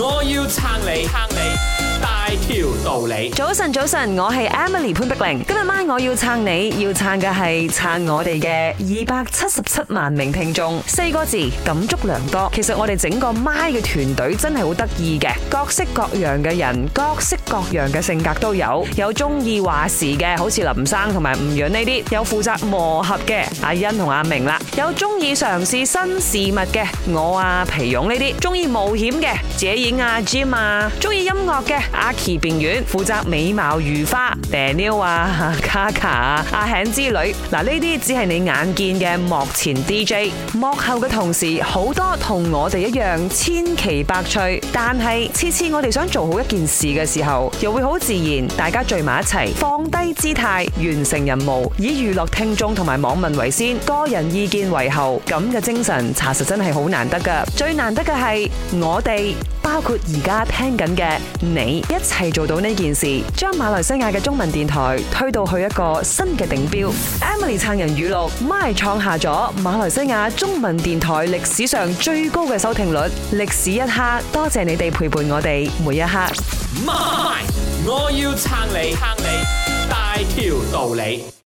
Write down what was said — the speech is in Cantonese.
我要撐你，撐你大條道理。早晨，早晨，我係 Emily 潘碧玲。今日 m 我要撐你，要撐嘅係撐我哋嘅二百七十七萬名聽眾。四個字，感觸良多。其實我哋整個 m 嘅團隊真係好得意嘅，各式各樣嘅人，各式各樣嘅性格都有。有中意話事嘅，好似林生同埋吳潤呢啲；有負責磨合嘅阿欣同阿明啦；有中意嘗試新事物嘅我啊皮勇呢啲；中意冒險嘅謝燕。自己阿 j 啊，中意、啊、音樂嘅阿奇變軟，負責美貌如花。Daniel 啊，啊，卡卡啊，阿響之旅嗱，呢啲只係你眼見嘅幕前 DJ，幕後嘅同事好多同我哋一樣千奇百趣。但係次次我哋想做好一件事嘅時候，又會好自然，大家聚埋一齊，放低姿態，完成任務，以娛樂聽眾同埋網民為先，個人意見為後，咁嘅精神查實真係好難得噶。最難得嘅係我哋。包括而家聽緊嘅你，一齊做到呢件事，將馬來西亞嘅中文電台推到去一個新嘅頂標 em 撐。Emily 撐人語錄，My 創下咗馬來西亞中文電台歷史上最高嘅收聽率，歷史一刻，多謝你哋陪伴我哋每一刻。My，我要撐你，撐你，大條道理。